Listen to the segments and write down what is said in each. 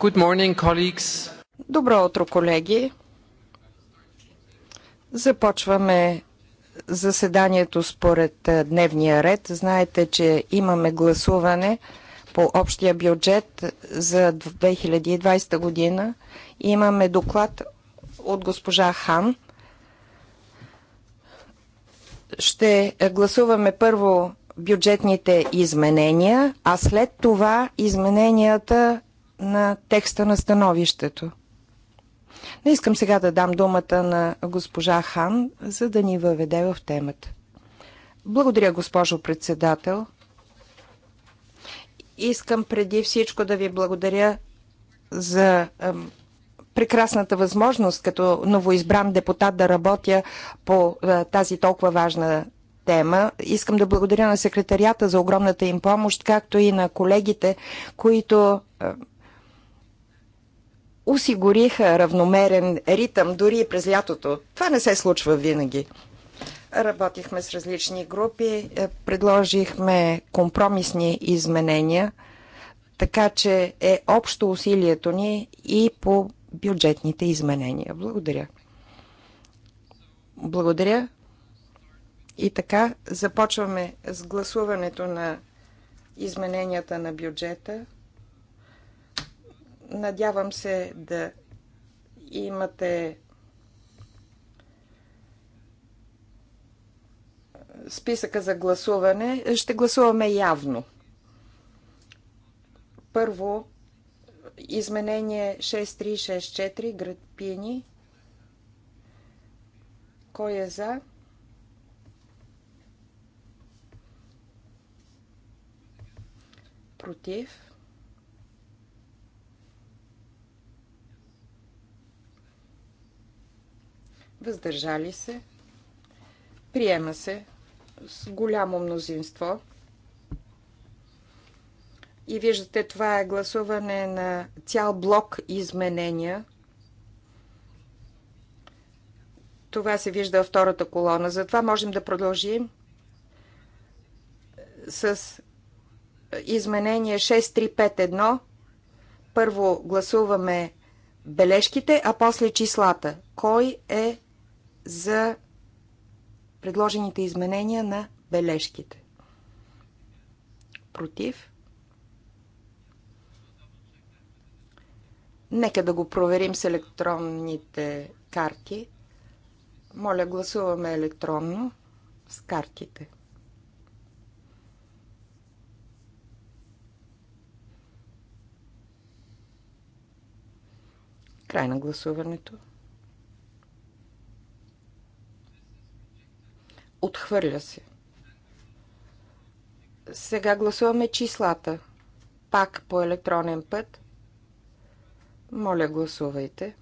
Good morning, colleagues. Добро утро, колеги. Започваме заседанието според дневния ред. Знаете, че имаме гласуване по общия бюджет за 2020 година. Имаме доклад от госпожа Хан. Ще гласуваме първо бюджетните изменения, а след това измененията на текста на становището. Не искам сега да дам думата на госпожа Хан, за да ни въведе в темата. Благодаря, госпожо председател. Искам преди всичко да ви благодаря за прекрасната възможност като новоизбран депутат да работя по тази толкова важна тема. Искам да благодаря на секретарията за огромната им помощ, както и на колегите, които осигуриха равномерен ритъм дори и през лятото. Това не се случва винаги. Работихме с различни групи, е, предложихме компромисни изменения, така че е общо усилието ни и по бюджетните изменения. Благодаря. Благодаря. И така, започваме с гласуването на измененията на бюджета. Надявам се да имате списъка за гласуване. Ще гласуваме явно. Първо, изменение 6364, град Пини. Кой е за? Против. въздържали се, приема се с голямо мнозинство. И виждате, това е гласуване на цял блок изменения. Това се вижда във втората колона. Затова можем да продължим с изменение 6351. Първо гласуваме бележките, а после числата. Кой е за предложените изменения на бележките. Против. Нека да го проверим с електронните карти. Моля, гласуваме електронно с картите. Край на гласуването. Отхвърля се. Сега гласуваме числата. Пак по електронен път. Моля, гласувайте.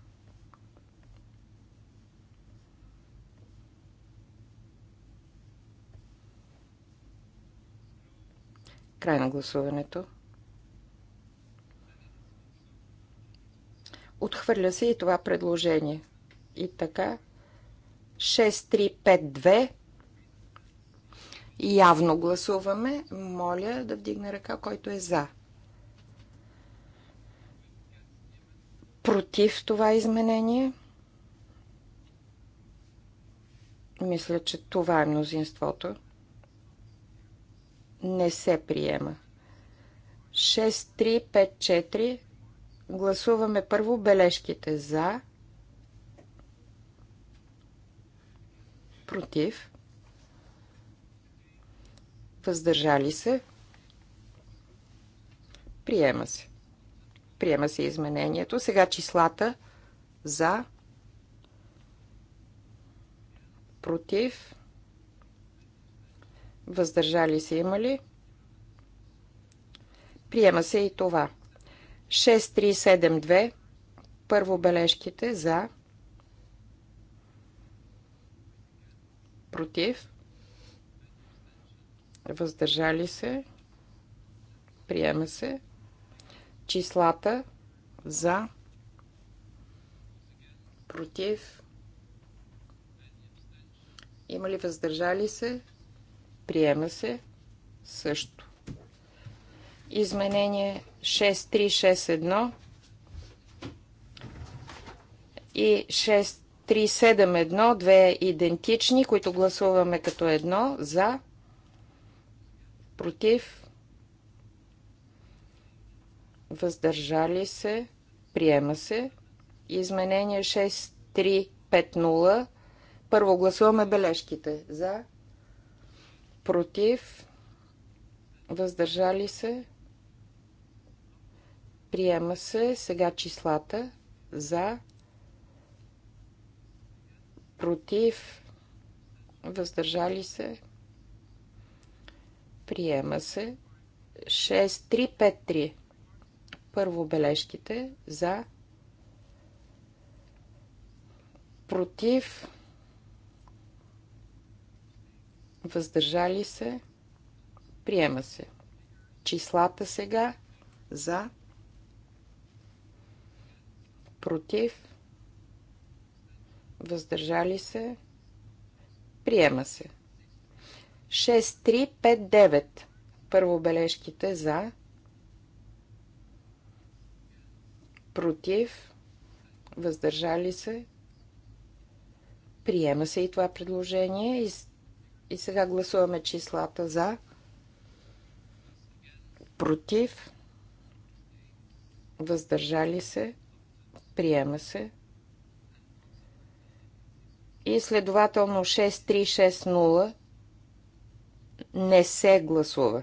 Край на гласуването. Отхвърля се и това предложение. И така. 6352 Явно гласуваме. Моля да вдигне ръка, който е за. Против това изменение? Мисля, че това е мнозинството. Не се приема. 6 3, 5, 4. Гласуваме първо бележките за. Против. Въздържали се. Приема се. Приема се изменението. Сега числата за, против, въздържали се има ли? Приема се и това. 6372 първо бележките за против въздържали се, приема се. Числата за, против, има ли въздържали се, приема се също. Изменение 6361 и 6371, две идентични, които гласуваме като едно за, против, въздържали се, приема се. Изменение 6350. Първо гласуваме бележките. За, против, въздържали се, приема се. Сега числата. За, против, въздържали се, Приема се 6353. Първо бележките за против въздържали се приема се. Числата сега за против въздържали се приема се. 6359. Първо бележките за, против, въздържали се. Приема се и това предложение. И, и сега гласуваме числата за, против, въздържали се. Приема се и следователно 6360 не се гласува.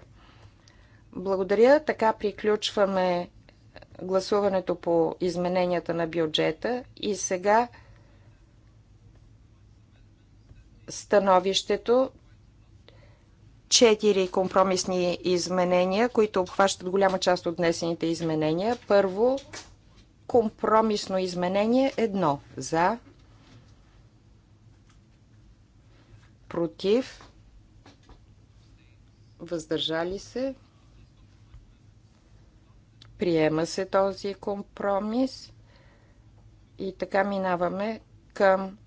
Благодаря. Така приключваме гласуването по измененията на бюджета и сега становището четири компромисни изменения, които обхващат голяма част от днесените изменения. Първо, компромисно изменение едно за против въздържали се. Приема се този компромис и така минаваме към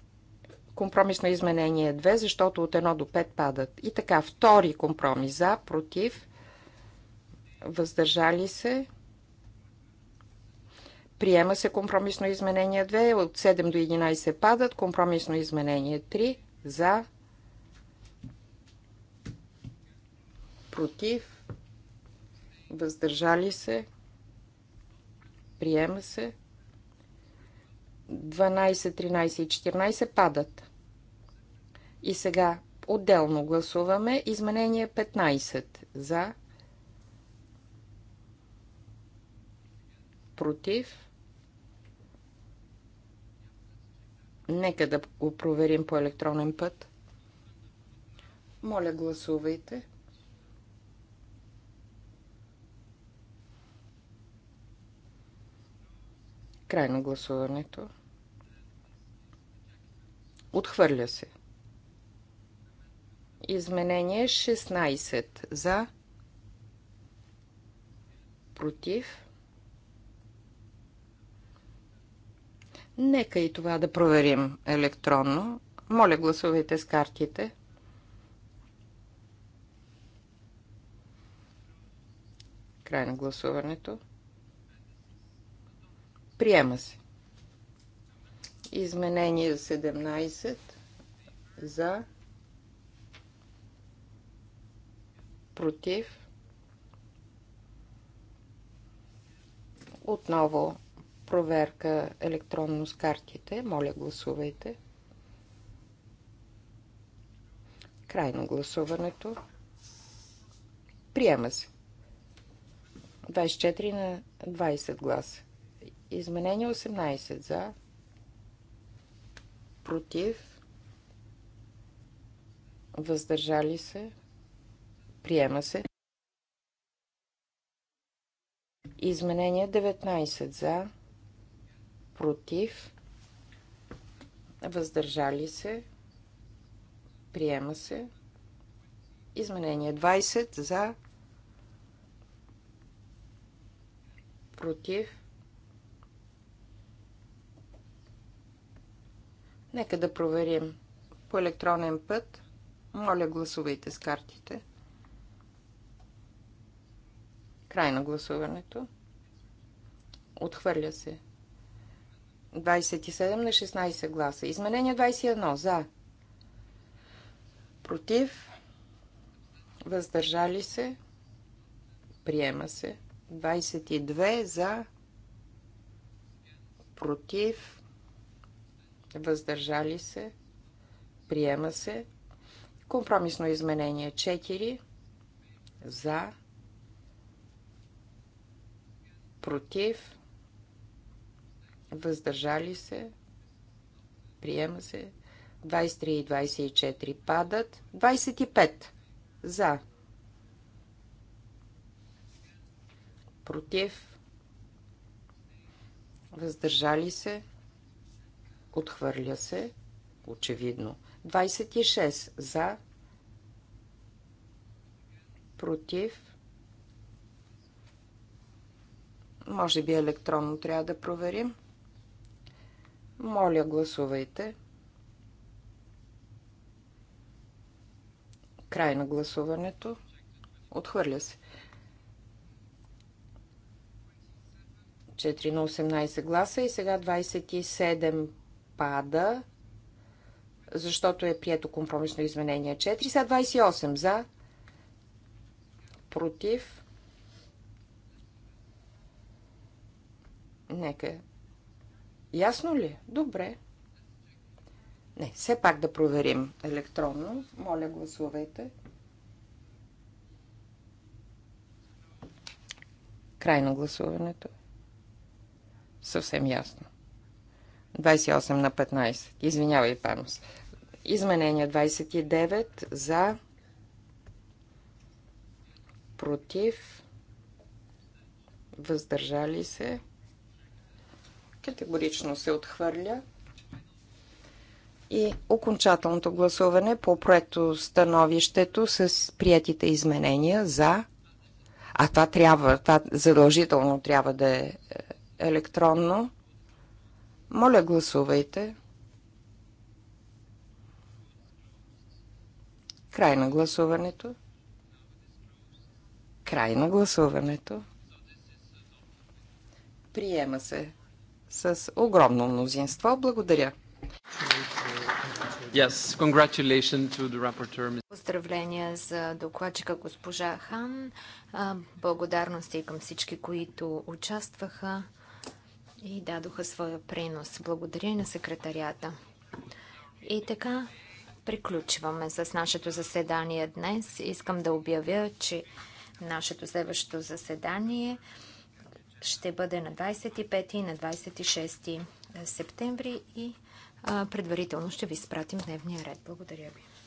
компромисно изменение 2, защото от 1 до 5 падат. И така, втори компромис за, против, въздържали се. Приема се компромисно изменение 2, от 7 до 11 падат, компромисно изменение 3, за, против, въздържали се, приема се. 12, 13 и 14 падат. И сега отделно гласуваме изменение 15 за, против. Нека да го проверим по електронен път. Моля, гласувайте. Край на гласуването. Отхвърля се. Изменение 16 за, против. Нека и това да проверим електронно. Моля, гласувайте с картите. Край на гласуването. Приема се. Изменение 17 за против отново проверка електронно с картите. Моля, гласувайте. Крайно гласуването. Приема се. 24 на 20 гласа. Изменение 18 за, против, въздържали се, приема се. Изменение 19 за, против, въздържали се, приема се. Изменение 20 за, против, Нека да проверим по електронен път. Моля, гласувайте с картите. Край на гласуването. Отхвърля се. 27 на 16 гласа. Изменение 21. За. Против. Въздържали се. Приема се. 22 за. Против въздържали се, приема се. Компромисно изменение 4 за, против, въздържали се, приема се. 23 и 24 падат. 25 за. Против. Въздържали се. Отхвърля се. Очевидно. 26 за. Против. Може би електронно трябва да проверим. Моля, гласувайте. Край на гласуването. Отхвърля се. 4 на 18 гласа и сега 27 пада, защото е прието компромисно изменение 4. са 28 за, против. Нека. Ясно ли? Добре. Не, все пак да проверим електронно. Моля, гласувайте. Крайно гласуването. Съвсем ясно. 28 на 15. Извинявай, Панос. Изменение 29 за против въздържали се. Категорично се отхвърля. И окончателното гласуване по проекто становището с приятите изменения за. А това трябва, това задължително трябва да е, е електронно. Моля, гласувайте. Край на гласуването. Край на гласуването. Приема се с огромно мнозинство. Благодаря. Yes, congratulations to the rapporteur. Поздравления за докладчика госпожа Хан. Благодарности към всички, които участваха и дадоха своя принос. Благодаря на секретарията. И така, приключваме с нашето заседание днес. Искам да обявя, че нашето следващото заседание ще бъде на 25 и на 26 септември и предварително ще ви спратим дневния ред. Благодаря ви.